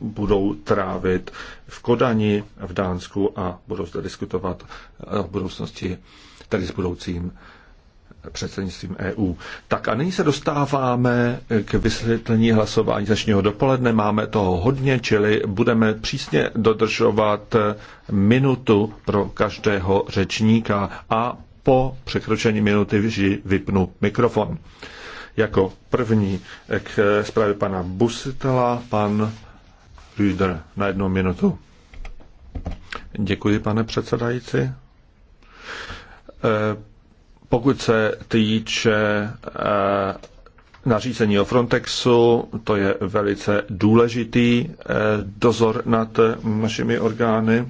budou trávit v Kodani, v Dánsku a budou zde diskutovat o eh, budoucnosti, tedy s budoucím předsednictvím EU. Tak a nyní se dostáváme k vysvětlení hlasování dnešního dopoledne. Máme toho hodně, čili budeme přísně dodržovat minutu pro každého řečníka a po překročení minuty vždy vypnu mikrofon. Jako první k zprávě pana Busitela, pan Rüder na jednu minutu. Děkuji, pane předsedající. Eh, pokud se týče eh, nařízení o Frontexu, to je velice důležitý eh, dozor nad našimi orgány.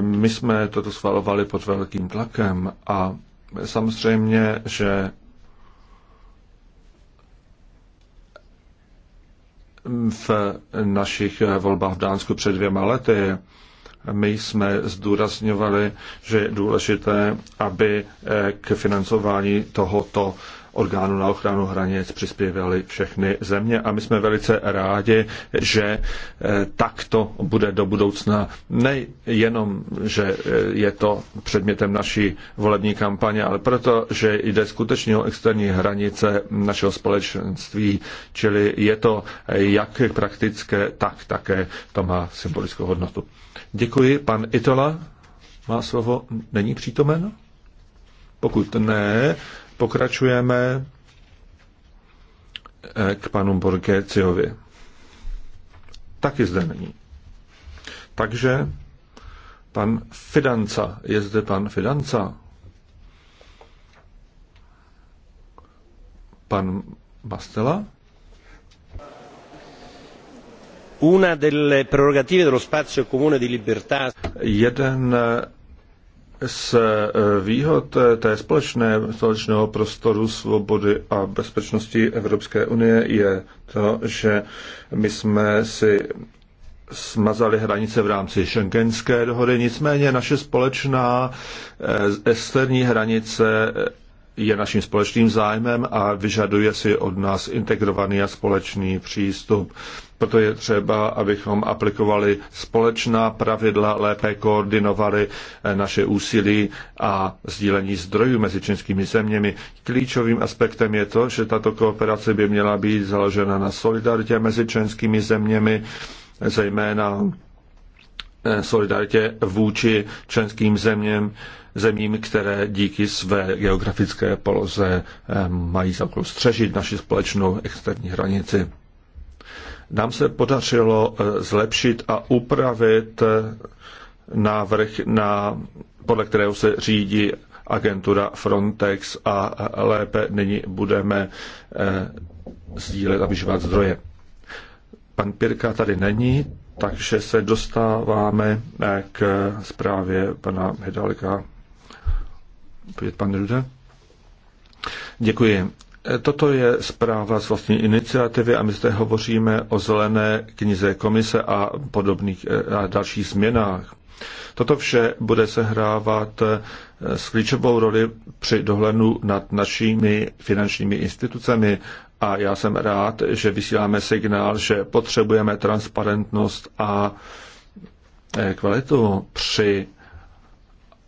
My jsme toto schvalovali pod velkým tlakem a samozřejmě, že v našich volbách v Dánsku před dvěma lety my jsme zdůrazňovali, že je důležité, aby k financování tohoto orgánu na ochranu hranic přispěvaly všechny země a my jsme velice rádi, že eh, takto bude do budoucna nejenom, že eh, je to předmětem naší volební kampaně, ale proto, že jde skutečně o externí hranice našeho společenství, čili je to jak praktické, tak také to má symbolickou hodnotu. Děkuji. Pan Itola má slovo. Není přítomen? Pokud ne, Pokračujeme eh, k panu Borgeciovi. Taky zde není. Takže pan Fidanca. Je zde pan Fidanca? Pan Bastela? Una delle prerogative dello spazio comune di libertà. Jeden eh, z eh, výhod eh, té společné, společného prostoru svobody a bezpečnosti Evropské unie je to, že my jsme si smazali hranice v rámci šengenské dohody, nicméně naše společná eh, externí hranice je naším společným zájmem a vyžaduje si od nás integrovaný a společný přístup. Proto je třeba, abychom aplikovali společná pravidla, lépe koordinovali eh, naše úsilí a sdílení zdrojů mezi českými zeměmi. Klíčovým aspektem je to, že tato kooperace by měla být založena na solidaritě mezi českými zeměmi, zejména eh, solidaritě vůči členským zeměm, zemím, které díky své geografické poloze eh, mají za střežit naši společnou externí hranici. Nám se podařilo eh, zlepšit a upravit eh, návrh, na, podle kterého se řídí agentura Frontex a lépe nyní budeme eh, sdílet a vyžívat zdroje. Pan Pirka tady není, takže se dostáváme k zprávě pana Hedalika. Pan Rude. Děkuji. Eh, toto je zpráva z vlastní iniciativy a my zde hovoříme o zelené knize komise a podobných eh, a dalších změnách. Toto vše bude sehrávat eh, s klíčovou roli při dohledu nad našimi finančními institucemi a já jsem rád, že vysíláme signál, že potřebujeme transparentnost a kvalitu při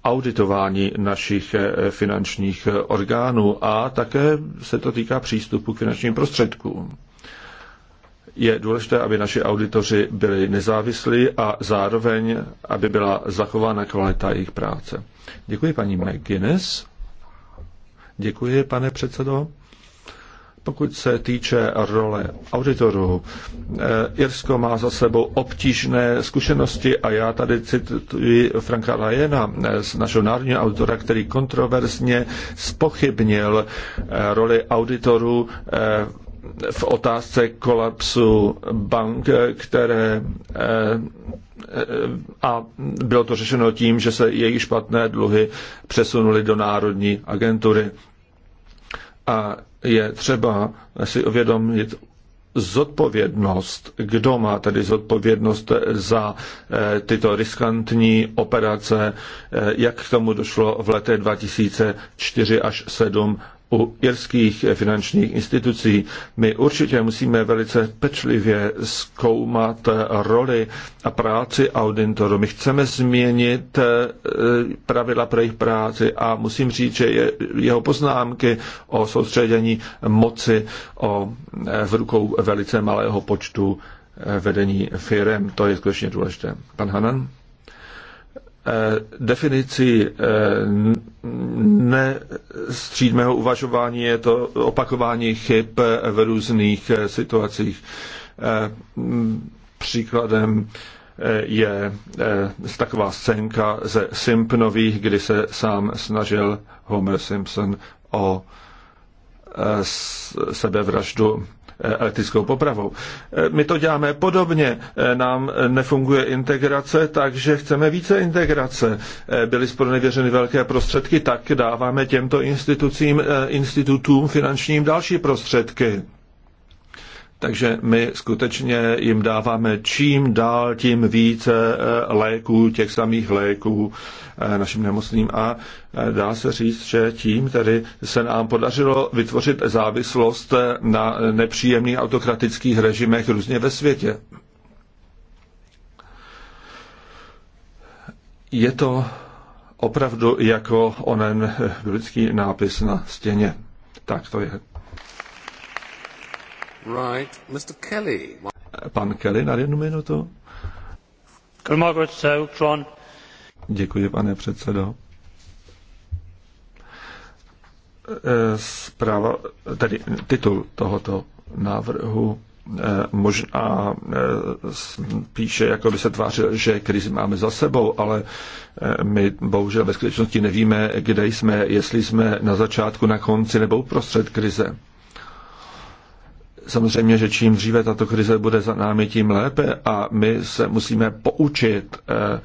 auditování našich eh, finančních eh, orgánů a také se to týká přístupu k finančním prostředkům. Je důležité, aby naši auditoři byli nezávislí a zároveň, aby byla zachována kvalita jejich práce. Děkuji paní McGuinness. Děkuji, pane předsedo. Pokud se týče role auditorů, eh, Irsko má za sebou obtížné zkušenosti a já tady cituji Franka Lajena eh, z našeho národního autora, který kontroverzně spochybnil eh, roli auditorů v otázce kolapsu bank, které a bylo to řešeno tím, že se jejich špatné dluhy přesunuly do Národní agentury. A je třeba si uvědomit zodpovědnost, kdo má tedy zodpovědnost za eh, tyto riskantní operace, eh, jak k tomu došlo v letech 2004 až 7 u irských finančních institucí. My určitě musíme velice pečlivě zkoumat roli a práci auditorů. My chceme změnit eh, pravidla pro jejich práci a musím říct, že jeho poznámky o soustředění moci o, eh, v rukou velice malého počtu eh, vedení firem, to je skutečně důležité. Pan Hanan? Eh, definicí eh, nestřídmého uvažování je to opakování chyb v různých eh, situacích. Příkladem je taková scénka ze Simpnových, kdy se sám snažil Homer Simpson o sebevraždu Eh, elektrickou popravou. Eh, my to děláme podobně, eh, nám nefunguje integrace, takže chceme více integrace. Byly spronevěřeny velké prostředky, tak dáváme těmto institucím, institutům finančním další prostředky. Takže my skutečně jim dáváme čím dál, tím více eh, léků, těch samých léků eh, našim nemocným a eh, dá se říct, že tím tedy se nám podařilo vytvořit závislost na nepříjemných autokratických režimech různě ve světě. Je to opravdu jako onen biblický nápis na stěně. Tak to je. Right. Mr. Kelly. Pan Kelly na jednu minutu. Děkuji, pane předsedo. Eh, zpráva, tedy titul tohoto návrhu eh, možná eh, píše, jako by se tvářil, že krizi máme za sebou, ale my bohužel ve skutečnosti nevíme, kde jsme, jestli jsme na začátku, na konci nebo uprostřed krize. Samozřejmě, že čím dříve tato krize bude za námi, tím lépe a my se musíme poučit eh,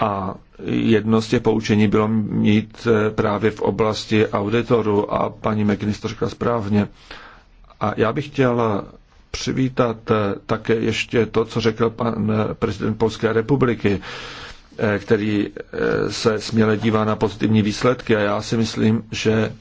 a jedno z těch poučení bylo mít eh, právě v oblasti auditoru a paní McInnes to řekla správně. A já bych chtěl přivítat eh, také ještě to, co řekl pan prezident Polské republiky, který se směle dívá na pozitivní výsledky a já si myslím, že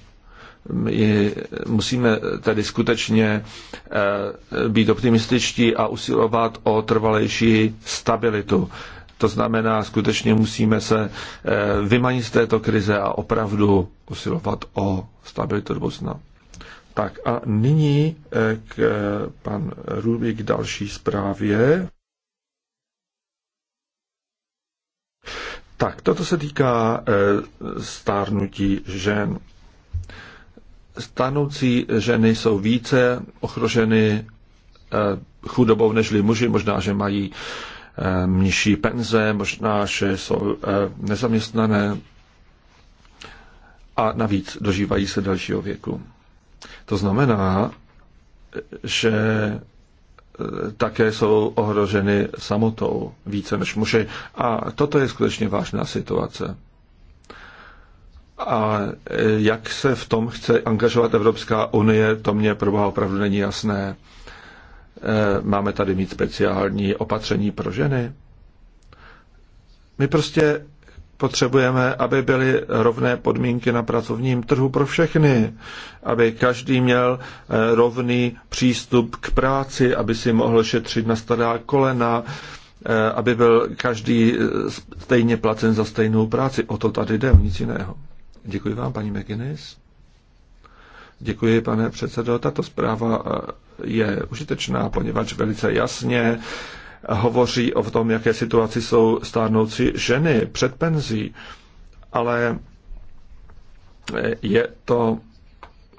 my musíme tedy skutečně eh, být optimističtí a usilovat o trvalejší stabilitu. To znamená, skutečně musíme se eh, vymanit z této krize a opravdu usilovat o stabilitu do Tak a nyní eh, k pan Rubik další zprávě. Tak, toto se týká stárnutí žen stanoucí ženy jsou více ohroženy eh, chudobou nežli muži, možná, že mají eh, nižší penze, možná, že jsou eh, nezaměstnané a navíc dožívají se dalšího věku. To znamená, že také jsou ohroženy samotou více než muži. A toto je skutečně vážná situace. A e, jak se v tom chce angažovat Evropská unie, to mě pro boha opravdu není jasné. E, máme tady mít speciální opatření pro ženy. My prostě potřebujeme, aby byly rovné podmínky na pracovním trhu pro všechny, aby každý měl e, rovný přístup k práci, aby si mohl šetřit na stará kolena, aby byl každý stejně placen za stejnou práci. O to tady jde, nic jiného. Děkuji vám, paní McGuinness. Děkuji, pane předsedo. Tato zpráva eh, je užitečná, poněvadž velice jasně hovoří o tom, jaké situaci jsou stárnoucí ženy před penzí, ale eh, je to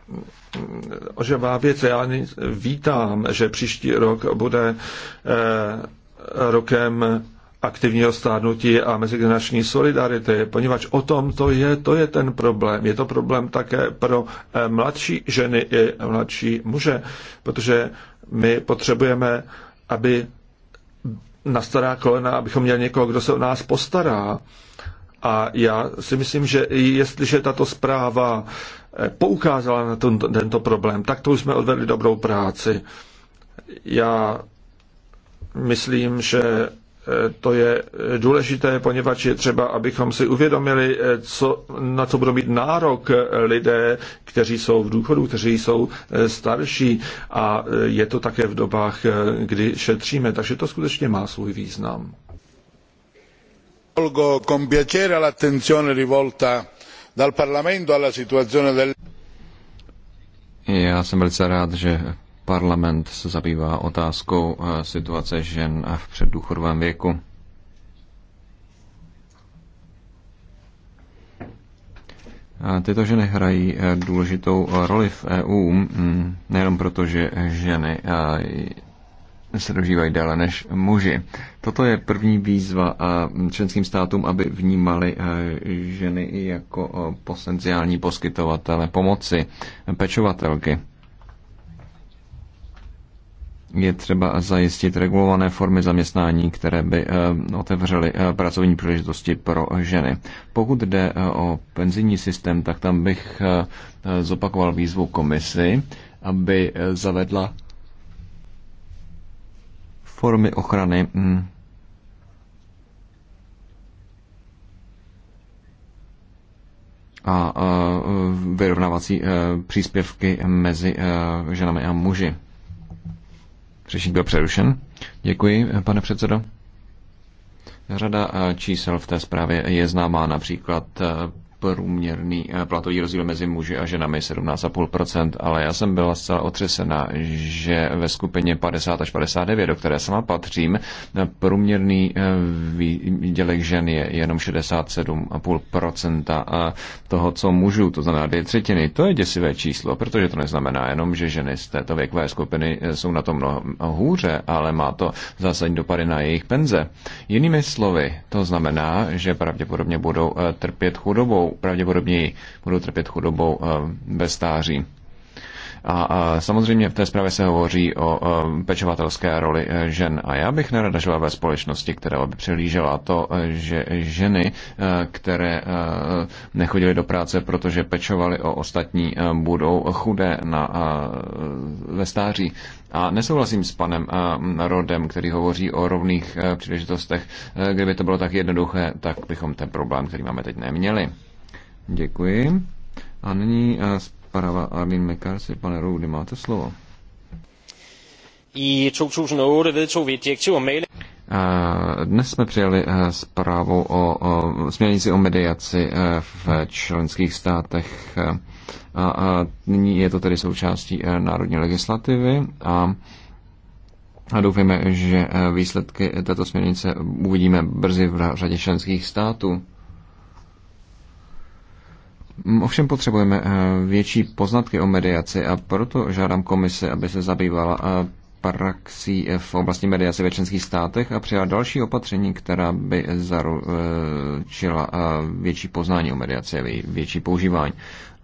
mm, oživá věc. Já vítám, že příští rok bude eh, rokem aktivního stárnutí a mezigenerační solidarity, poněvadž o tom to je, to je ten problém. Je to problém také pro eh, mladší ženy i mladší muže, protože my potřebujeme, aby na stará kolena, abychom měli někoho, kdo se o nás postará. A já si myslím, že jestliže tato zpráva eh, poukázala na tento, tento problém, tak to už jsme odvedli dobrou práci. Já myslím, že to je důležité, poněvadž je třeba, abychom si uvědomili, co, na co budou mít nárok lidé, kteří jsou v důchodu, kteří jsou eh, starší a eh, je to také v dobách, eh, kdy šetříme, takže to skutečně má svůj význam. Já jsem velice rád, že parlament se zabývá otázkou eh, situace žen v předdůchodovém věku. Tyto ženy hrají eh, důležitou roli v EU, mm, nejenom proto, že ženy eh, se dožívají déle než muži. Toto je první výzva členským státům, aby vnímali ženy jako potenciální poskytovatele pomoci, pečovatelky je třeba zajistit regulované formy zaměstnání, které by eh, otevřely eh, pracovní příležitosti pro ženy. Pokud jde eh, o penzijní systém, tak tam bych zopakoval výzvu komisi, aby zavedla formy ochrany hm, a vyrovnávací příspěvky mezi ženami a muži. Řečník byl přerušen. Děkuji, pane předsedo. Řada eh, čísel v té zprávě je známá, například eh, průměrný eh, platový rozdíl mezi muži a ženami 17,5%, ale já jsem byla zcela otřesena, že ve skupině 50 až 59, do které sama patřím, eh, průměrný eh, výdělek žen je jenom 67,5% toho, co mužů, to znamená dvě třetiny. To je děsivé číslo, protože to neznamená jenom, že ženy z této věkové skupiny jsou na tom mnoho hůře, ale má to zásadní dopady na jejich penze. Jinými slovy, to znamená, že pravděpodobně budou trpět chudobou, budou pravděpodobněji budou trpět chudobou ve eh, stáří. A, samozřejmě v té zprávě se hovoří o eh, pečovatelské roli eh, žen. A já bych nerada žila ve společnosti, která by přelížela to, že ženy, které nechodily do práce, protože pečovaly o ostatní, budou chudé na, ve stáří. A nesouhlasím s panem Rodem, který hovoří o rovných příležitostech. Kdyby to bylo tak jednoduché, tak bychom ten problém, který máme teď, neměli. Děkuji. A nyní eh, zpráva Arlene McCarthy. Pane Roudy, máte slovo. I 2008 vedtog vi direktiv eh, dnes jsme přijali eh, zprávu o, o směrnici o mediaci v členských státech a, a nyní je to tedy součástí národní legislativy a a doufáme, že výsledky této směrnice uvidíme brzy v řadě členských států. Mm, ovšem potřebujeme eh, větší poznatky o mediaci a proto žádám komise, aby se zabývala eh, praxí eh, v oblasti mediace ve členských státech a přijala další opatření, která by zaručila větší poznání o mediaci a větší používání.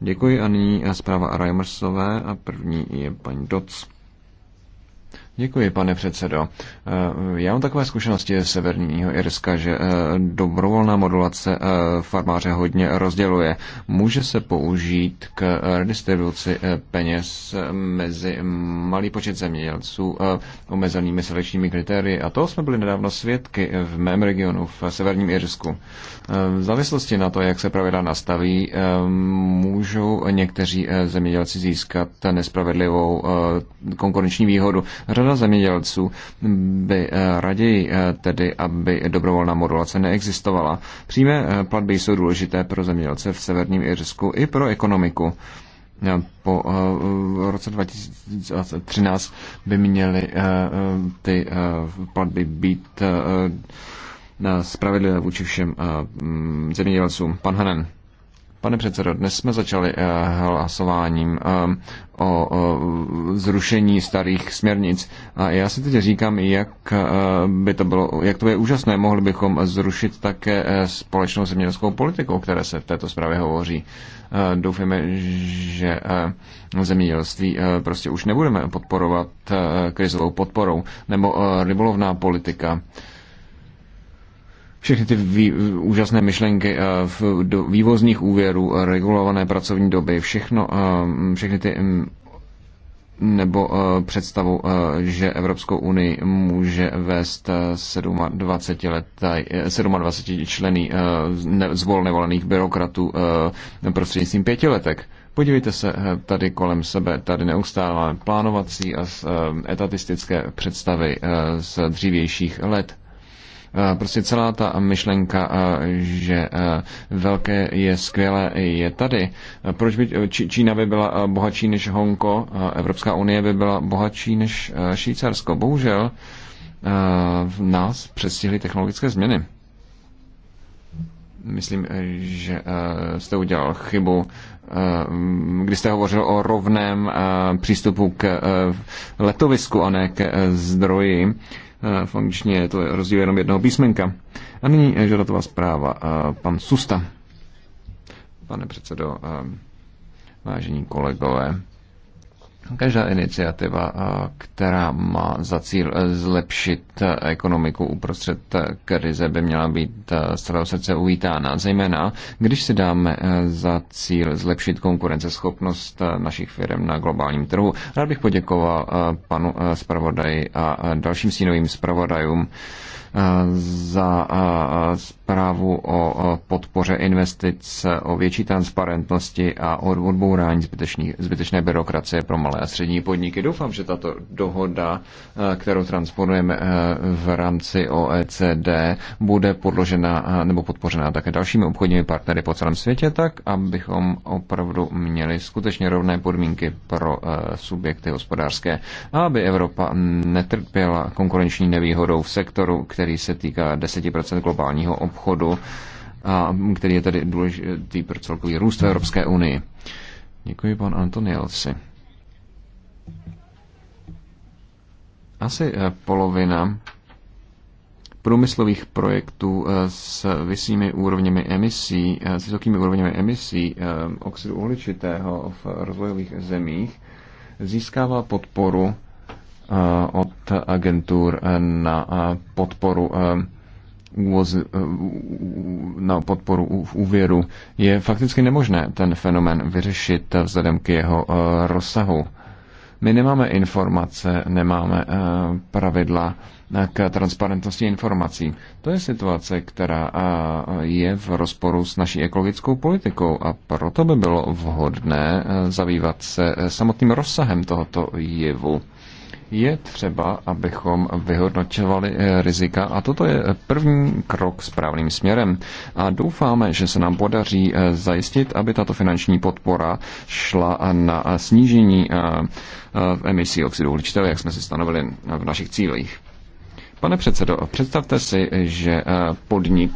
Děkuji a nyní zpráva Reimersové a první je paní Doc. Děkuji, pane předsedo. Eh, já mám takové zkušenosti z Severního Irska, že eh, dobrovolná modulace eh, farmáře hodně rozděluje. Může se použít k redistribuci peněz mezi malý počet zemědělců omezenými selekčními kritérii. A toho jsme byli nedávno svědky v mém regionu, v Severním Irsku. V závislosti na to, jak se pravidla nastaví, můžou někteří zemědělci získat nespravedlivou konkurenční výhodu. Řada zemědělců by eh, raději eh, tedy, aby dobrovolná modulace neexistovala. Přímé eh, platby jsou důležité pro zemědělce v severním Irsku i pro ekonomiku po roce 2013 by měly ty platby být spravedlivé vůči všem mm, zemědělcům. Pan Hanen. Pane předsedo, dnes jsme začali eh, hlasováním eh, o zrušení starých směrnic a já si teď říkám, jak eh, by to bylo, jak to je úžasné, mohli bychom zrušit také společnou zemědělskou politiku, o které se v této zprávě hovoří. doufujeme, že zemědělství prostě už nebudeme podporovat krizovou podporou, nebo rybolovná politika všechny ty vý, úžasné myšlenky eh, v, do vývozních úvěrů, eh, regulované pracovní doby, všechno, eh, všechny ty mm, nebo představu, že Evropskou unii může vést 27, let, 27 členy z volně volených byrokratů prostřednictvím pětiletek. Podívejte se tady kolem sebe, tady neustále máme plánovací a etatistické představy z dřívějších let. Eh, prostě celá ta myšlenka, eh, že eh, velké je skvělé, je tady. Proč by Čína by byla bohatší než Honko, Evropská unie by byla bohatší než Švýcarsko? Bohužel v nás přestihly technologické změny. Myslím, že jste udělal chybu, kdy jste hovořil o rovném přístupu k letovisku a ne k zdroji v angličtině to je rozdíl jenom jednoho písmenka. A nyní žadatová zpráva. Pan Susta. Pane předsedo, vážení kolegové, Každá iniciativa, eh, která má za cíl eh, zlepšit eh, ekonomiku uprostřed krize, by měla být z celého srdce uvítána, zejména když si dáme za cíl zlepšit konkurenceschopnost našich firm na globálním trhu. Rád bych poděkoval panu zpravodaji a dalším stínovým zpravodajům za zprávu o podpoře investic, o větší transparentnosti a o odbourání zbytečné byrokracie pro malé a střední podniky. Doufám, že tato dohoda, e, kterou transponujeme e, v rámci OECD, bude podložena e, nebo podpořena také dalšími obchodními partnery po celém světě, tak abychom opravdu měli skutečně rovné podmínky pro subjekty hospodářské a aby Evropa netrpěla konkurenční nevýhodou v sektoru, který se týká 10% globálního obchodu obchodu, který je tedy důležitý pro celkový růst v Evropské unii. Děkuji, pan Anton Jelci. Asi eh, polovina průmyslových projektů eh, s vysokými úrovněmi emisí, eh, s vysokými úrovněmi emisí oxidu uhličitého v rozvojových zemích získává podporu od agentur na podporu úvoz, eh, na podporu úvěru, je fakticky nemožné ten fenomén vyřešit vzhledem k jeho eh, rozsahu. My nemáme informace, nemáme eh, pravidla k transparentnosti informací. To je situace, která je v rozporu s naší ekologickou politikou a proto by bylo vhodné zabývat se samotným rozsahem tohoto jevu je třeba, abychom vyhodnočovali eh, rizika a toto je první krok správným směrem. A doufáme, že se nám podaří eh, zajistit, aby tato finanční podpora šla eh, na snížení emisí oxidu uhličitého, jak jsme si stanovili v našich cílech. Pane předsedo, představte si, že podnik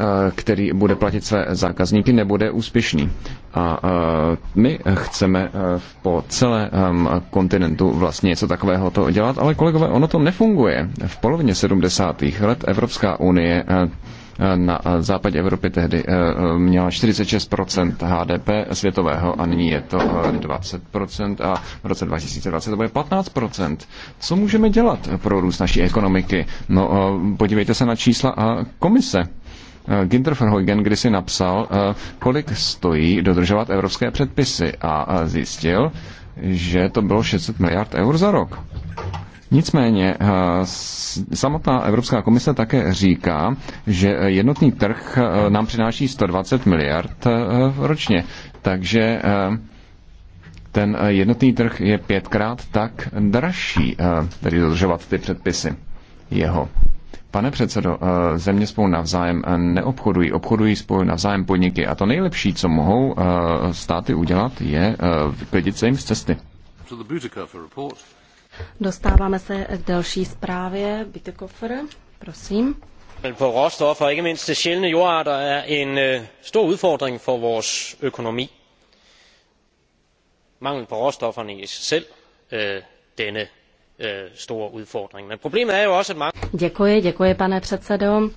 Eh, který bude platit své zákazníky, nebude úspěšný. A eh, my chceme eh, po celém kontinentu vlastně něco takového to dělat, ale kolegové, ono to nefunguje. V polovině 70. let Evropská unie na západě Evropy tehdy měla 46% HDP světového a nyní je to 20% a v roce 2020 to bude 15%. Co můžeme dělat pro růst naší ekonomiky? No podívejte se na čísla a komise. Eh, Ginter Verheugen kdysi napsal, eh, kolik stojí dodržovat evropské předpisy a zjistil, že to bylo 600 miliard eur za rok. Nicméně eh, samotná Evropská komise také říká, že jednotný trh nám přináší 120 miliard ročně. Takže ten jednotný trh je pětkrát tak dražší, tedy dodržovat ty předpisy jeho. Pane předsedo, eh, země spolu navzájem eh, neobchodují, obchodují spolu navzájem podniky a to nejlepší, co mohou eh, státy udělat, je vyklidit se jim z cesty. Dostáváme se k další zprávě. Bytekofer, prosím. på råstoffer, ikke mindst til sjældne jordarter, er en øh, stor udfordring for vores økonomi. Mangel på råstofferne i sig selv, øh, denne Øh, store udfordring. Men problemet er jo også, at mange... Děkuji, děkuji pane předsedo.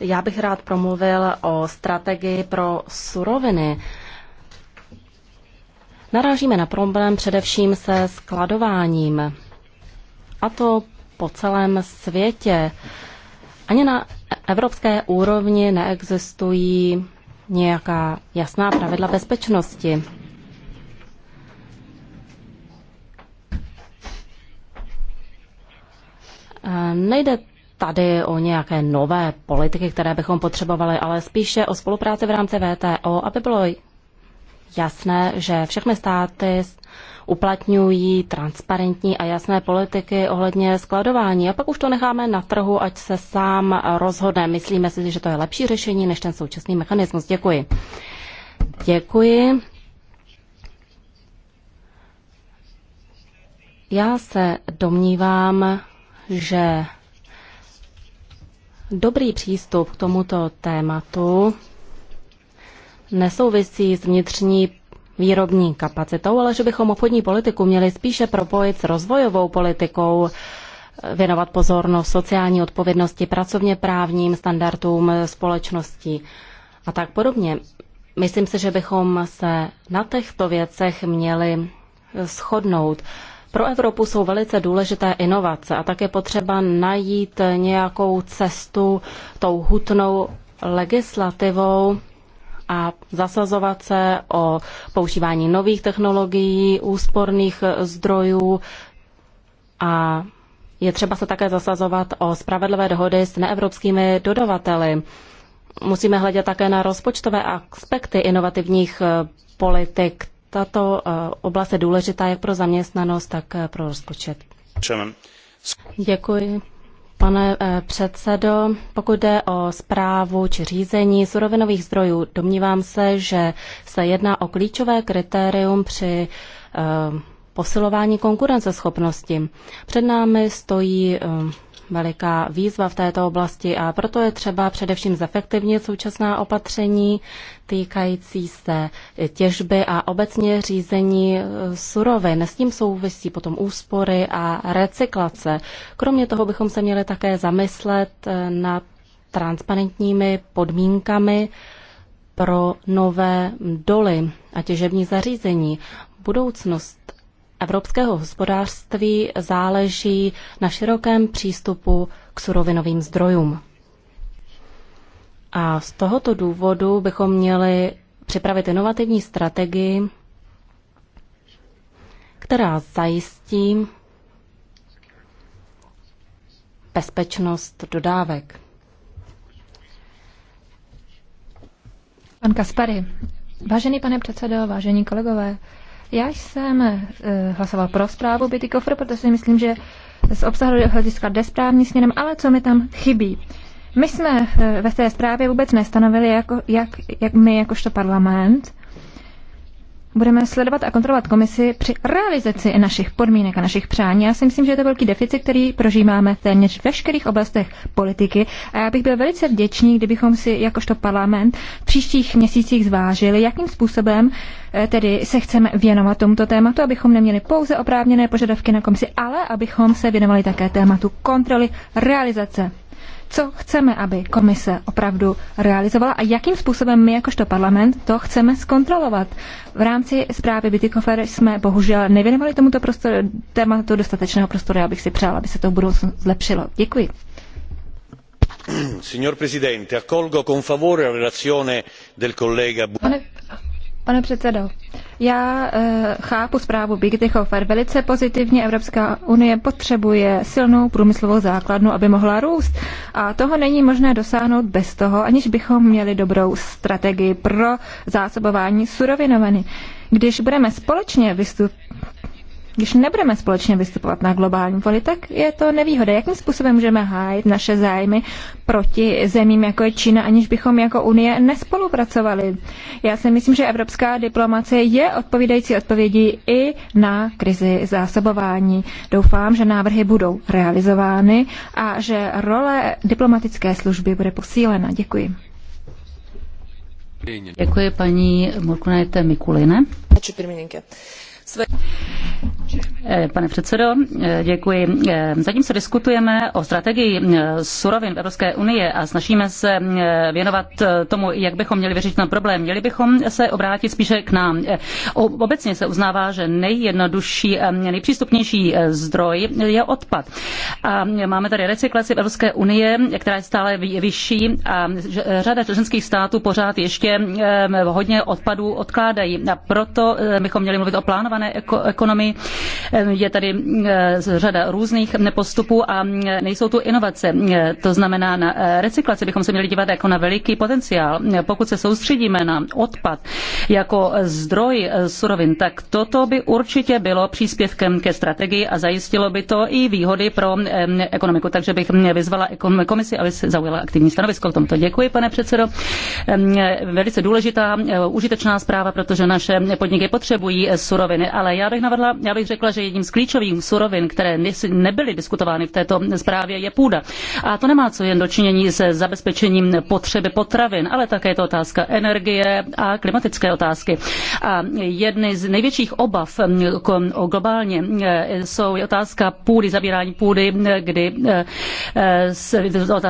Já bych rád promluvil o strategii pro suroviny. Narážíme na problém především se skladováním. A to po celém světě. Ani na evropské úrovni neexistují nějaká jasná pravidla bezpečnosti. nejde tady o nějaké nové politiky, které bychom potřebovali, ale spíše o spolupráci v rámci VTO, aby bylo jasné, že všechny státy uplatňují transparentní a jasné politiky ohledně skladování. A pak už to necháme na trhu, ať se sám rozhodne. Myslíme si, že to je lepší řešení než ten současný mechanismus. Děkuji. Děkuji. Já se domnívám, že dobrý přístup k tomuto tématu nesouvisí s vnitřní výrobní kapacitou, ale že bychom obchodní politiku měli spíše propojit s rozvojovou politikou, věnovat pozornost sociální odpovědnosti, pracovně právním standardům společnosti a tak podobně. Myslím si, že bychom se na těchto věcech měli shodnout. Pro Evropu jsou velice důležité inovace a také potřeba najít nějakou cestu tou hutnou legislativou a zasazovat se o používání nových technologií, úsporných zdrojů a je třeba se také zasazovat o spravedlivé dohody s neevropskými dodavateli. Musíme hledět také na rozpočtové aspekty inovativních politik tato eh, oblast je důležitá jak pro zaměstnanost, tak eh, pro rozpočet. Děkuji. Pane eh, předsedo, pokud jde o zprávu či řízení surovinových zdrojů, domnívám se, že se jedná o klíčové kritérium při posilování konkurenceschopnosti. Před námi stojí veliká výzva v této oblasti a proto je třeba především zefektivnit současná opatření týkající se těžby a obecně řízení surovin. S tím souvisí potom úspory a recyklace. Kromě toho bychom se měli také zamyslet nad transparentními podmínkami pro nové doly a těžební zařízení. Budoucnost evropského hospodářství záleží na širokém přístupu k surovinovým zdrojům. A z tohoto důvodu bychom měli připravit inovativní strategii, která zajistí bezpečnost dodávek. Pan Kaspary, vážený pane předsedo, vážení kolegové, já jsem eh, hlasoval pro zprávu Bytykofr, protože si myslím, že z obsahu hlediska jde správným směrem, ale co mi tam chybí? My jsme eh, ve té zprávě vůbec nestanovili, jako, jak, jak my jakožto parlament, budeme sledovat a kontrolovat komisi při realizaci našich podmínek a našich přání. Já si myslím, že je to velký deficit, který prožíváme v téměř veškerých oblastech politiky a já bych byl velice vděčný, kdybychom si jakožto parlament v příštích měsících zvážili, jakým způsobem eh, tedy se chceme věnovat tomuto tématu, abychom neměli pouze oprávněné požadavky na komisi, ale abychom se věnovali také tématu kontroly realizace co chceme, aby komise opravdu realizovala a jakým způsobem my jakožto parlament to chceme zkontrolovat. V rámci zprávy Bitikofer jsme bohužel nevěnovali tomuto prostoru, tématu dostatečného prostoru. Já bych si přála, aby se to v budoucnu zlepšilo. Děkuji. Signor Presidente, accolgo con favore la relazione del collega... Pane Pane předsedo, já e, chápu zprávu Big Techofer velice pozitivně. Evropská unie potřebuje silnou průmyslovou základnu, aby mohla růst. A toho není možné dosáhnout bez toho, aniž bychom měli dobrou strategii pro zásobování surovinovany. Když budeme společně vystup, když nebudeme společně vystupovat na globální poli, tak je to nevýhoda. Jakým způsobem můžeme hájit naše zájmy proti zemím, jako je Čína, aniž bychom jako Unie nespolupracovali? Já si myslím, že evropská diplomacie je odpovídající odpovědí i na krizi zásobování. Doufám, že návrhy budou realizovány a že role diplomatické služby bude posílena. Děkuji. Děkuji paní Murkunajte Mikuline. Eh, pane předsedo, eh, děkuji. Eh, Zatímco diskutujeme o strategii surovin Evropské unie a snažíme se věnovat tomu, jak bychom měli vyřešit ten problém, měli bychom se obrátit spíše k nám. Obecně se uznává, že nejjednodušší, nejpřístupnější zdroj je odpad. A máme tady recyklaci v Evropské unie, která je stále vyšší a řada členských států pořád ještě hodně odpadů odkládají. A proto bychom měli mluvit o plánované ekonomii Ehm, je tady eh, řada různých postupů a eh, nejsou tu inovace. Eh, to znamená, na recyklaci bychom se měli dívat jako na veliký potenciál. Pokud se soustředíme na odpad jako zdroj surovin, tak toto by určitě bylo příspěvkem ke strategii a zajistilo by to i výhody pro ehm, ekonomiku. Takže bych vyzvala komisi, aby se zaujala aktivní stanovisko k tomuto. Děkuji, pane předsedo. Ehm, velice důležitá, užitečná zpráva, protože naše podniky potřebují suroviny, ale já bych navrhla, já bych bych řekla, že jedním z klíčových surovin, které nebyly diskutovány v této zprávě, je půda. A to nemá co jen dočinění se zabezpečením potřeby potravin, ale také je to otázka energie a klimatické otázky. A jedny z největších obav globálně e, jsou otázka půdy, zabírání půdy, e, kdy e,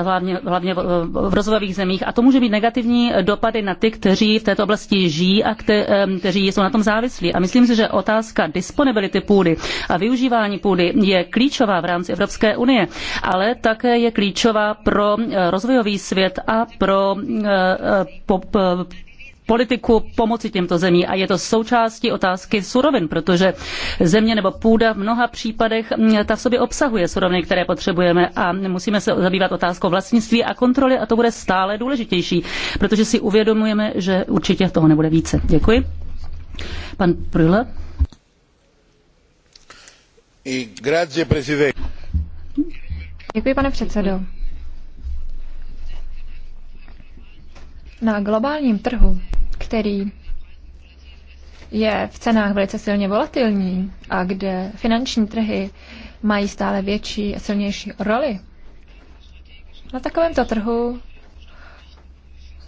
hlavně, hlavně v rozvojových zemích. A to může mít negativní dopady na ty, kteří v této oblasti žijí a kteří jsou na tom závislí. A myslím si, že otázka disponibility půdy. A využívání půdy je klíčová v rámci Evropské unie, ale také je klíčová pro eh, rozvojový svět a pro eh, eh, politiku pomoci těmto zemí a je to součástí otázky surovin, protože země nebo půda v mnoha případech hm, ta v sobě obsahuje suroviny, které potřebujeme a musíme se zabývat otázkou vlastnictví a kontroly a to bude stále důležitější, protože si uvědomujeme, že určitě toho nebude více. Děkuji. Pan Prüle. Děkuji, pane předsedo. Na globálním trhu, který je v cenách velice silně volatilní a kde finanční trhy mají stále větší a silnější roli, na takovémto trhu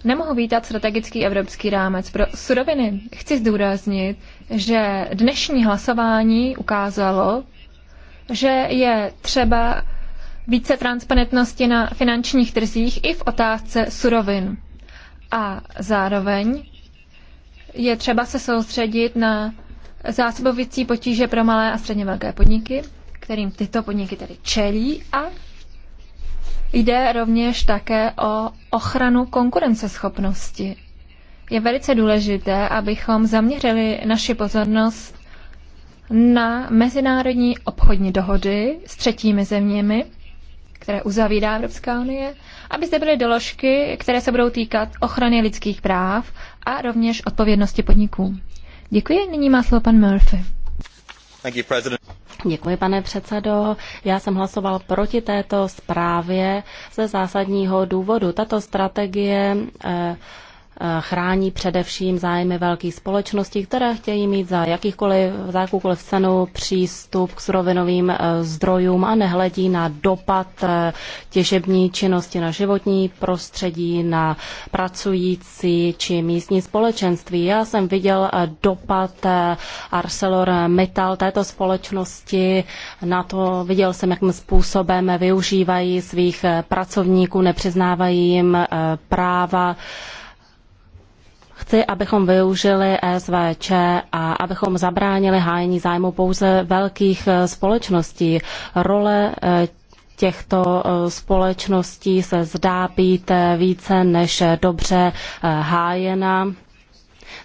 nemohu vítat strategický evropský rámec pro suroviny. Chci zdůraznit, že dnešní hlasování ukázalo, že je třeba více transparentnosti na finančních trzích i v otázce surovin. A zároveň je třeba se soustředit na zásobovicí potíže pro malé a středně velké podniky, kterým tyto podniky tedy čelí a jde rovněž také o ochranu konkurenceschopnosti. Je velice důležité, abychom zaměřili naši pozornost na mezinárodní obchodní dohody s třetími zeměmi, které uzavírá Evropská unie, aby zde byly doložky, které se budou týkat ochrany lidských práv a rovněž odpovědnosti podniků. Děkuji, nyní má slovo pan Murphy. Děkuji, pane předsedo. Já jsem hlasoval proti této zprávě ze zásadního důvodu. Tato strategie eh, Eh, chrání především zájmy velkých společností, které chtějí mít za jakýchkoliv, za jakoukoliv cenu přístup k surovinovým eh, zdrojům a nehledí na dopad eh, těžební činnosti na životní prostředí, na pracující či místní společenství. Já jsem viděl dopad ArcelorMittal této společnosti na to, viděl jsem, jakým způsobem využívají svých pracovníků, nepřiznávají jim práva Chci, abychom využili SVČ a abychom zabránili hájení zájmu pouze velkých eh, společností. Role eh, těchto eh, společností se zdá být více než dobře hájena.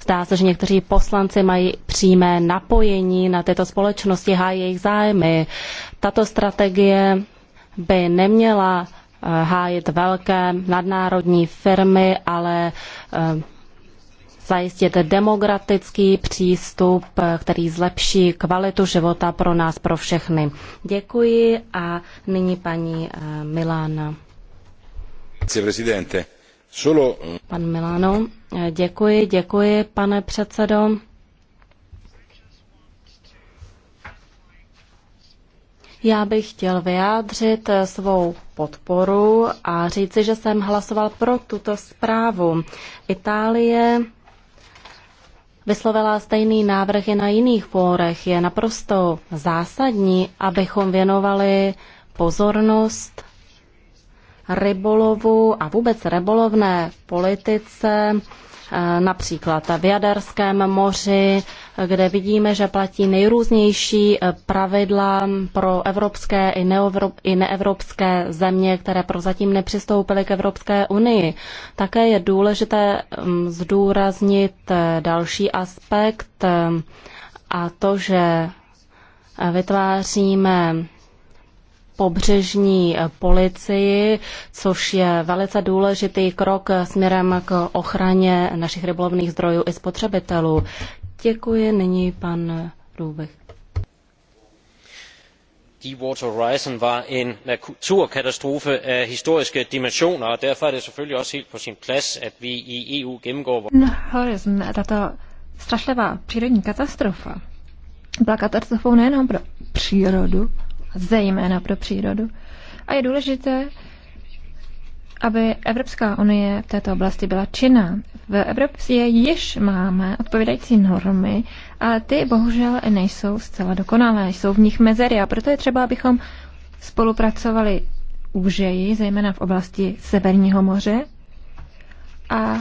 Zdá se, že někteří poslanci mají přímé napojení na tyto společnosti, hájí jejich zájmy. Tato strategie by neměla hájit velké nadnárodní firmy, ale zajistit demokratický přístup, který zlepší kvalitu života pro nás, pro všechny. Děkuji a nyní paní eh, Milána. Eh, Pan Milano, eh, děkuji, děkuji, pane předsedo. Já bych chtěl vyjádřit svou podporu a říci, že jsem hlasoval pro tuto zprávu. Itálie vyslovila stejný návrh i na jiných fórech. Je naprosto zásadní, abychom věnovali pozornost rybolovu a vůbec rybolovné politice, e, například v Jaderském moři, kde vidíme, že platí nejrůznější e, pravidla pro evropské i, neevrop, i neevropské země, které prozatím nepřistoupily k Evropské unii. Také je důležité zdůraznit e, další aspekt a to, že vytváříme pobřežní eh, policii, což je velice důležitý krok eh, směrem k ochraně našich rybolovných zdrojů i spotřebitelů. Děkuji nyní pan Růbek. Deepwater Horizon var en naturkatastrofe eh, af historiske dimensioner, og derfor er det selvfølgelig også helt på sin plads, at vi i EU gennemgår... Horizon, tato strašlivá přírodní katastrofa, byla katastrofou nejenom pro přírodu, zejména pro přírodu. A je důležité, aby Evropská unie v této oblasti byla činná. V Evropě již máme odpovídající normy, ale ty bohužel nejsou zcela dokonalé, jsou v nich mezery a proto je třeba, abychom spolupracovali úžeji, zejména v oblasti Severního moře. A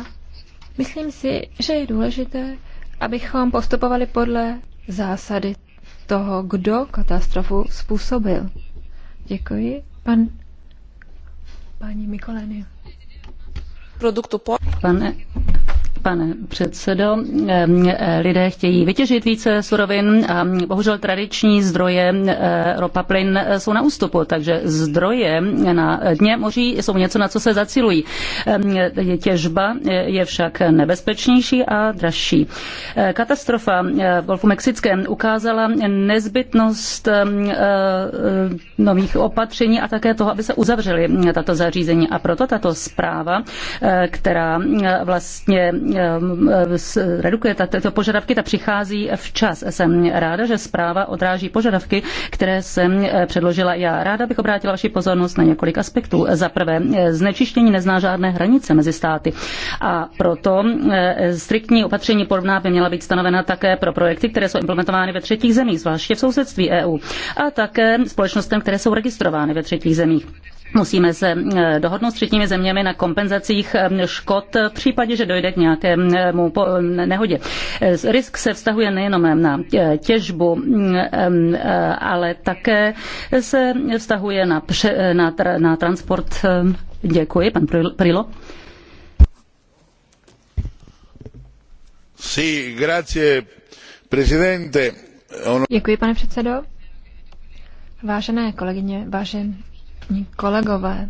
myslím si, že je důležité, abychom postupovali podle zásady toho, kdo katastrofu způsobil. Děkuji. Pan, paní Mikoleny. Produktu po... Pane Pane předsedo, lidé chtějí vytěžit více surovin a bohužel tradiční zdroje ropa plyn jsou na ústupu, takže zdroje na dně moří jsou něco, na co se zacilují. Těžba je však nebezpečnější a dražší. E, katastrofa v Golfu Mexickém ukázala nezbytnost e, nových opatření a také toho, aby se uzavřely tato zařízení. A proto tato zpráva, e, která vlastně Ehm, ehm, redukuje tyto požadavky, ta přichází včas. Jsem ráda, že zpráva odráží požadavky, které jsem eh, předložila já. Ráda bych obrátila vaši pozornost na několik aspektů. Za prvé, eh, znečištění nezná žádné hranice mezi státy a proto eh, striktní opatření podobná by měla být stanovena také pro projekty, které jsou implementovány ve třetích zemích, zvláště v sousedství EU, a také společnostem, které jsou registrovány ve třetích zemích. Musíme se eh, dohodnout s třetími zeměmi na kompenzacích eh, škod v případě, že dojde k nějakému nehodě. Eh, risk se vztahuje nejenom na těžbu, mm, ale také se vztahuje na, pře, na, na transport. Děkuji, pan Prilo. Sí, grazie, presidente. Děkuji, pane předsedo. Vážené kolegyně, vážení kolegové,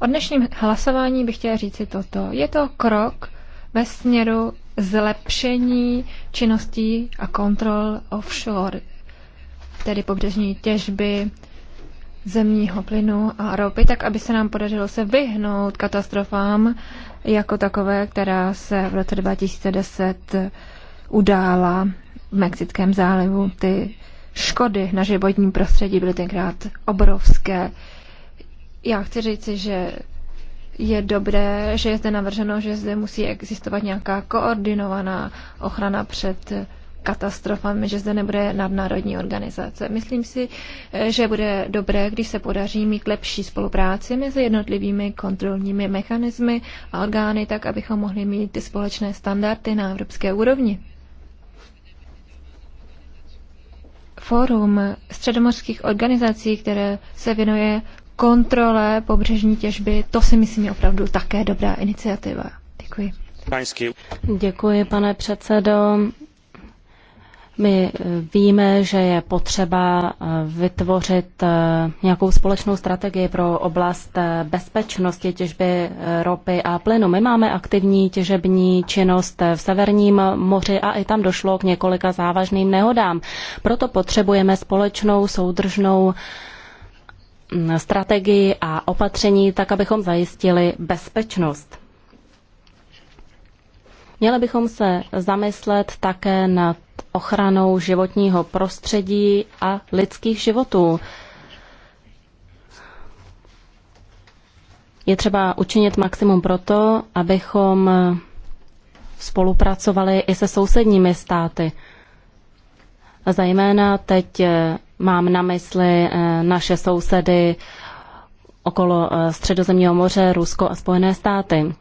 o dnešním hlasování bych chtěla říci toto. Je to krok ve směru zlepšení činností a kontrol offshore, tedy pobřežní těžby zemního plynu a ropy, tak aby se nám podařilo se vyhnout katastrofám jako takové, která se v roce 2010 udála v Mexickém zálivu. Ty škody na životním prostředí byly tenkrát obrovské. Já chci říct, že je dobré, že je zde navrženo, že zde musí existovat nějaká koordinovaná ochrana před katastrofami, že zde nebude nadnárodní organizace. Myslím si, že bude dobré, když se podaří mít lepší spolupráci mezi jednotlivými kontrolními mechanismy a orgány, tak abychom mohli mít ty společné standardy na evropské úrovni. Fórum středomorských organizací, které se věnuje kontrole pobřežní těžby, to si myslím je opravdu také dobrá iniciativa. Děkuji. Děkuji, pane předsedo. My eh, víme, že je potřeba eh, vytvořit eh, nějakou společnou strategii pro oblast bezpečnosti těžby ropy a plynu. My máme aktivní těžební činnost v Severním moři a i tam došlo k několika závažným nehodám. Proto potřebujeme společnou soudržnou mm, strategii a opatření, tak abychom zajistili bezpečnost. Měli bychom se zamyslet také nad ochranou životního prostředí a lidských životů. Je třeba učinit maximum proto, abychom spolupracovali i se sousedními státy. Zajména teď eh, mám na mysli eh, naše sousedy okolo eh, Středozemního moře, Rusko a Spojené státy.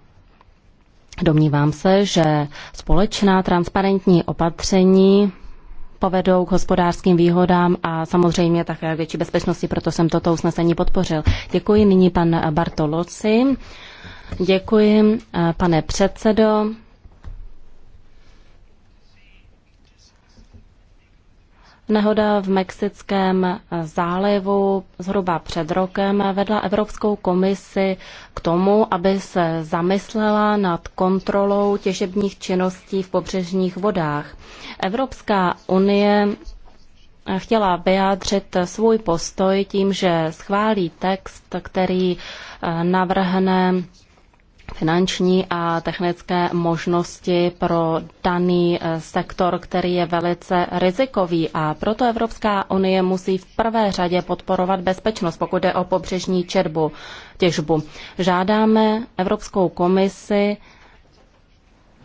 Domnívám se, že společná transparentní opatření povedou k hospodářským výhodám a samozřejmě také větší bezpečnosti, proto jsem toto usnesení podpořil. Děkuji nyní pan Bartoloci. Děkuji, eh, pane předsedo. Nehoda v Mexickém zálivu zhruba před rokem vedla Evropskou komisi k tomu, aby se zamyslela nad kontrolou těžebních činností v pobřežních vodách. Evropská unie chtěla vyjádřit svůj postoj tím, že schválí text, který navrhne finanční a technické možnosti pro daný eh, sektor, který je velice rizikový a proto Evropská unie musí v prvé řadě podporovat bezpečnost, pokud jde o pobřežní čerbu, těžbu. Žádáme Evropskou komisi,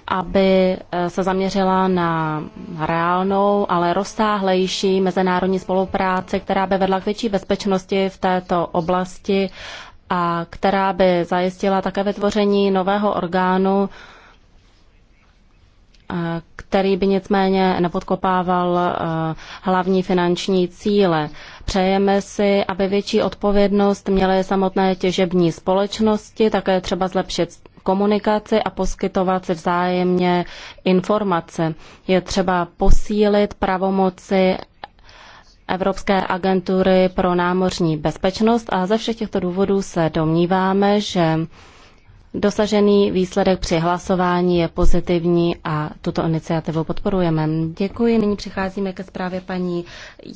aby eh, se zaměřila na reálnou, ale rozsáhlejší mezinárodní spolupráci, která by vedla k větší bezpečnosti v této oblasti a která by zajistila také vytvoření nového orgánu, který by nicméně nepodkopával hlavní finanční cíle. Přejeme si, aby větší odpovědnost měly samotné těžební společnosti, také třeba zlepšit komunikaci a poskytovat si vzájemně informace. Je třeba posílit pravomoci Evropské agentury pro námořní bezpečnost a ze všech těchto důvodů se domníváme, že dosažený výsledek při hlasování je pozitivní a tuto iniciativu podporujeme. Děkuji. Nyní přicházíme ke zprávě paní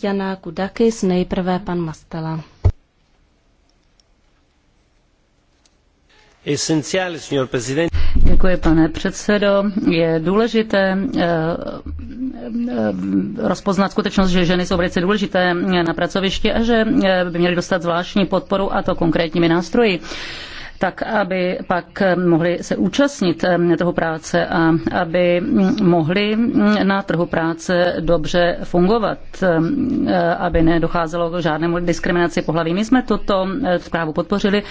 Jana Kudakis, nejprve pan Mastela. Esenciál, signor prezidente. Děkuji, pane předsedo. Je důležité eh, eh, rozpoznat skutečnost, že ženy jsou velice důležité na pracovišti a že eh, by měly dostat zvláštní podporu a to konkrétními nástroji tak aby pak mohli se účastnit eh, toho práce a aby hm, mohli hm, na trhu práce dobře fungovat, eh, aby nedocházelo k žádnému diskriminaci pohlaví. My jsme toto eh, zprávu podpořili,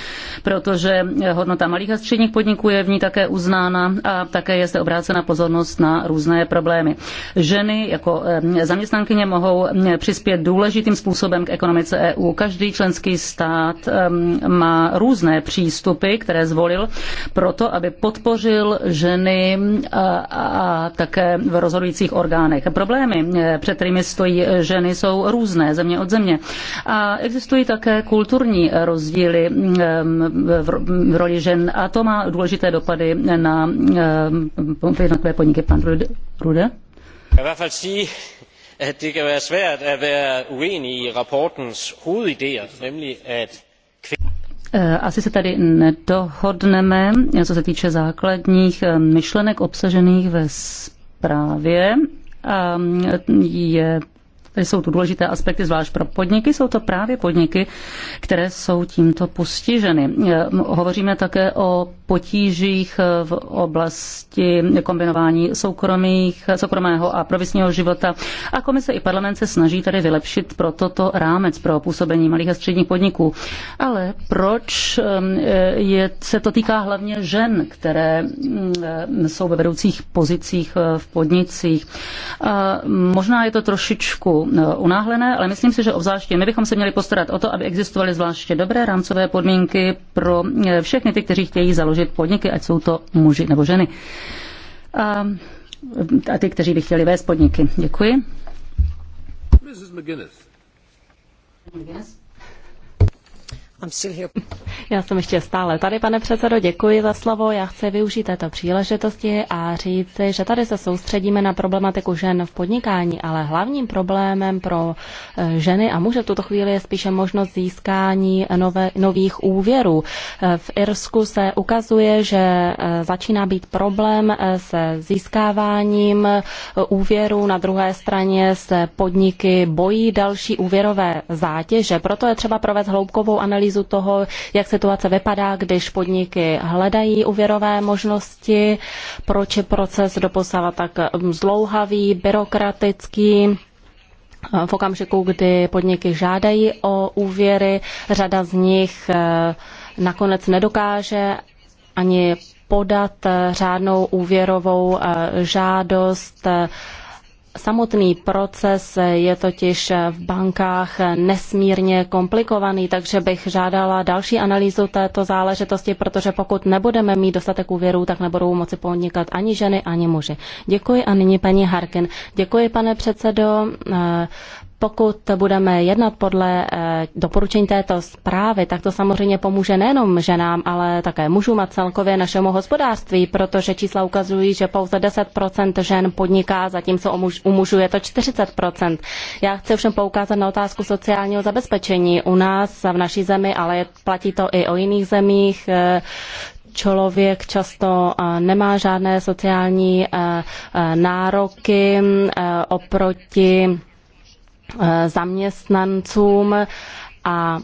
protože hodnota malých a středních podniků je v ní také uznána a také je zde obrácena pozornost na různé problémy. Ženy jako zaměstnankyně mohou hm, přispět důležitým způsobem k ekonomice EU. Každý členský stát má různé přístupy postupy, které zvolil, proto, aby podpořil ženy a, a také v rozhodujících orgánech. Problémy, eh, před kterými stojí ženy, jsou různé země od země. A existují také kulturní rozdíly eh, v roli žen a to má důležité dopady na eh, jednotlivé podniky. Pan Rude? Jeg det kan være svært at være uenig i rapportens hovedidéer, nemlig at Eh, asi se tady nedohodneme, co se týče základních eh, myšlenek obsažených ve zprávě. A mm, je jsou tu důležité aspekty, zvlášť pro podniky. Jsou to právě podniky, které jsou tímto postiženy. E, hovoříme také o potížích v oblasti kombinování soukromých, soukromého a provizního života. A komise i parlament se snaží tady vylepšit pro toto rámec pro působení malých a středních podniků. Ale proč e, je, se to týká hlavně žen, které e, jsou ve vedoucích pozicích v podnicích? A možná je to trošičku E, unáhlené, ale myslím si, že obzvláště my bychom se měli postarat o to, aby existovaly zvláště dobré rámcové podmínky pro e, všechny ty, kteří chtějí založit podniky, ať jsou to muži nebo ženy. A, a ty, kteří by chtěli vést podniky. Děkuji. Mrs. McGuinness. McGinnis? Já jsem ještě stále tady, pane předsedo, děkuji za slovo. Já chci využít této příležitosti a říci, že tady se soustředíme na problematiku žen v podnikání, ale hlavním problémem pro e, ženy a muže v tuto chvíli je spíše možnost získání nové, nových úvěrů. E, v Irsku se ukazuje, že e, začíná být problém se získáváním úvěrů. Na druhé straně se podniky bojí další úvěrové zátěže. Proto je třeba provést hloubkovou analýzu analýzu toho, jak situace vypadá, když podniky hledají úvěrové možnosti, proč je proces doposava tak mm, zdlouhavý, byrokratický. V okamžiku, kdy podniky žádají o úvěry, řada z nich eh, nakonec nedokáže ani podat eh, řádnou úvěrovou eh, žádost samotný proces je totiž v bankách nesmírně komplikovaný, takže bych žádala další analýzu této záležitosti, protože pokud nebudeme mít dostatek úvěrů, tak nebudou moci podnikat ani ženy, ani muži. Děkuji a nyní paní Harkin. Děkuji, pane předsedo. Eh, pokud budeme jednat podle eh, doporučení této zprávy, tak to samozřejmě pomůže nejenom ženám, ale také mužům a celkově našemu hospodářství, protože čísla ukazují, že pouze 10 žen podniká, zatímco u mužů je to 40 Já chci všem poukázat na otázku sociálního zabezpečení u nás v naší zemi, ale platí to i o jiných zemích eh, člověk často eh, nemá žádné sociální nároky oproti Eh, zaměstnancům a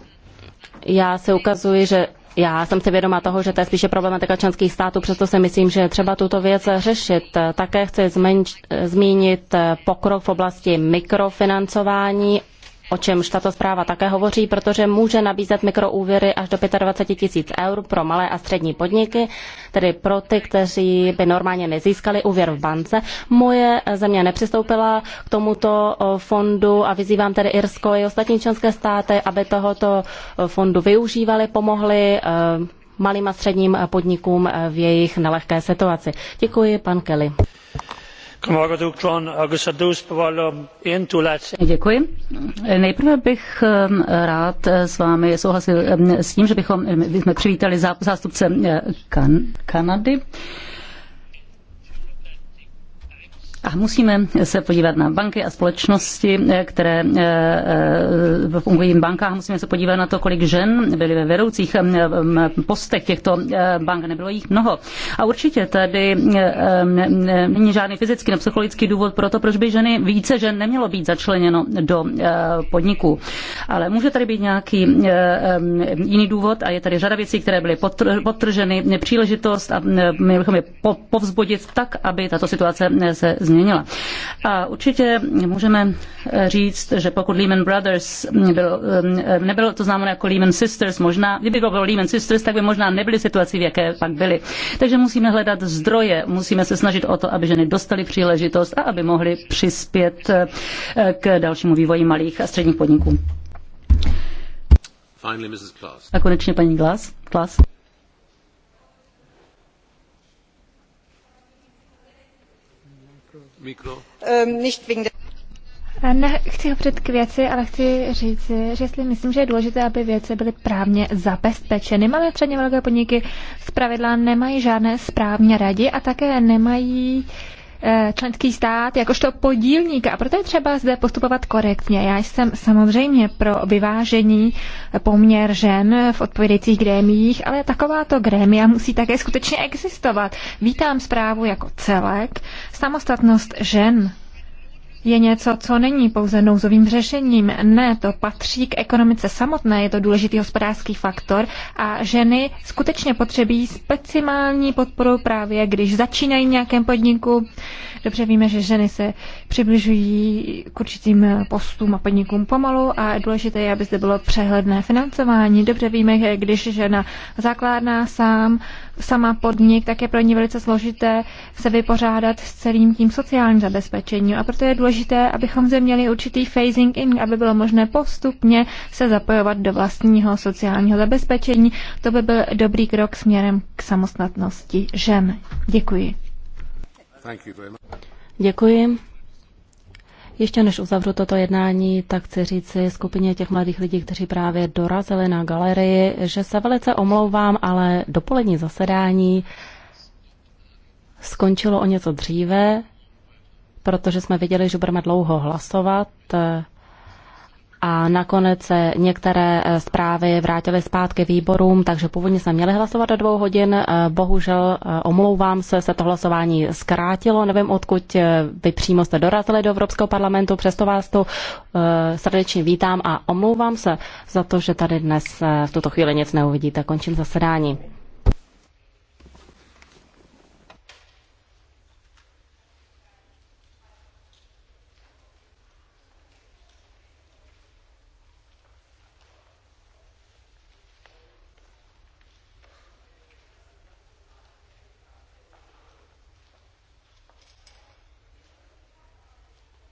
já se ukazuji, že já jsem si vědoma toho, že to je spíše problematika členských států, přesto si myslím, že třeba tuto věc řešit. Také chci zmenč, zmínit pokrok v oblasti mikrofinancování o čemž tato zpráva také hovoří, protože může nabízet mikroúvěry až do 25 tisíc eur pro malé a střední podniky, tedy pro ty, kteří by normálně nezískali úvěr v bance. Moje země nepřistoupila k tomuto fondu a vyzývám tedy Irsko i ostatní členské státy, aby tohoto fondu využívali, pomohli malým a středním podnikům v jejich nelehké situaci. Děkuji, pan Kelly. Nejprve bych rád s vámi souhlasil s tím, že bychom jsme přivítali zástupce kan Kanady. A musíme se podívat na banky a společnosti, eh, které fungují eh, eh, v bankách. Musíme se podívat na to, kolik žen byly ve vedoucích postech těchto bank. Nebylo jich mnoho. A určitě tady není žádný fyzický nebo psychologický důvod pro to, proč by ženy více žen nemělo být začleněno do podniků. Ale může tady být nějaký jiný důvod a je tady řada věcí, které byly potrženy, nepříležitost, a měli bychom je povzbudit tak, aby tato situace se změnila změnila. A určitě můžeme eh, říct, že pokud Lehman Brothers bylo, eh, nebylo to známo jako Lehman Sisters, možná, kdyby to bylo Lehman Sisters, tak by možná nebyly situaci, v jaké pak byly. Takže musíme hledat zdroje, musíme se snažit o to, aby ženy dostaly příležitost a aby mohly přispět eh, k dalšímu vývoji malých a středních podniků. A konečně paní Glass, Glass. Ehm, eh, Nechci hovořit k věci, ale chci říct, že jestli myslím, že je důležité, aby věci byly právně zabezpečeny. Malé středně velké podniky zpravidla nemají žádné správně radi a také nemají uh, Eh, členský stát jakožto podílník a proto je třeba zde postupovat korektně. Já jsem samozřejmě pro vyvážení poměr žen v odpovědících grémiích, ale takováto grémia musí také skutečně existovat. Vítám zprávu jako celek, samostatnost žen je něco, co není pouze nouzovým řešením. Ne, to patří k ekonomice samotné, je to důležitý hospodářský faktor a ženy skutečně potřebují speciální podporu právě, když začínají v nějakém podniku. Dobře víme, že ženy se přibližují k určitým postům a podnikům pomalu a důležité je, aby zde bylo přehledné financování. Dobře víme, že když žena zakládná sám, sama podnik, tak je pro ní velice složité se vypořádat s celým tím sociálním zabezpečením a proto je důležité důležité, abychom zde měli určitý phasing in, aby bylo možné postupně se zapojovat do vlastního sociálního zabezpečení. To by byl dobrý krok směrem k samostatnosti žen. Děkuji. Děkuji. Ještě než uzavřu toto jednání, tak chci říci skupině těch mladých lidí, kteří právě dorazili na galerii, že se velice omlouvám, ale dopolední zasedání skončilo o něco dříve, protože jsme viděli, že budeme dlouho hlasovat eh, a nakonec se některé eh, zprávy vrátily zpátky výborům, takže původně jsme měli hlasovat do dvou hodin. Eh, bohužel, omlouvám se, se to hlasování zkrátilo. Nevím, odkud vy přímo jste dorazili do Evropského parlamentu, přesto vás tu srdečně vítám a omlouvám se za to, že tady dnes v tuto chvíli nic neuvidíte. Končím zasedání.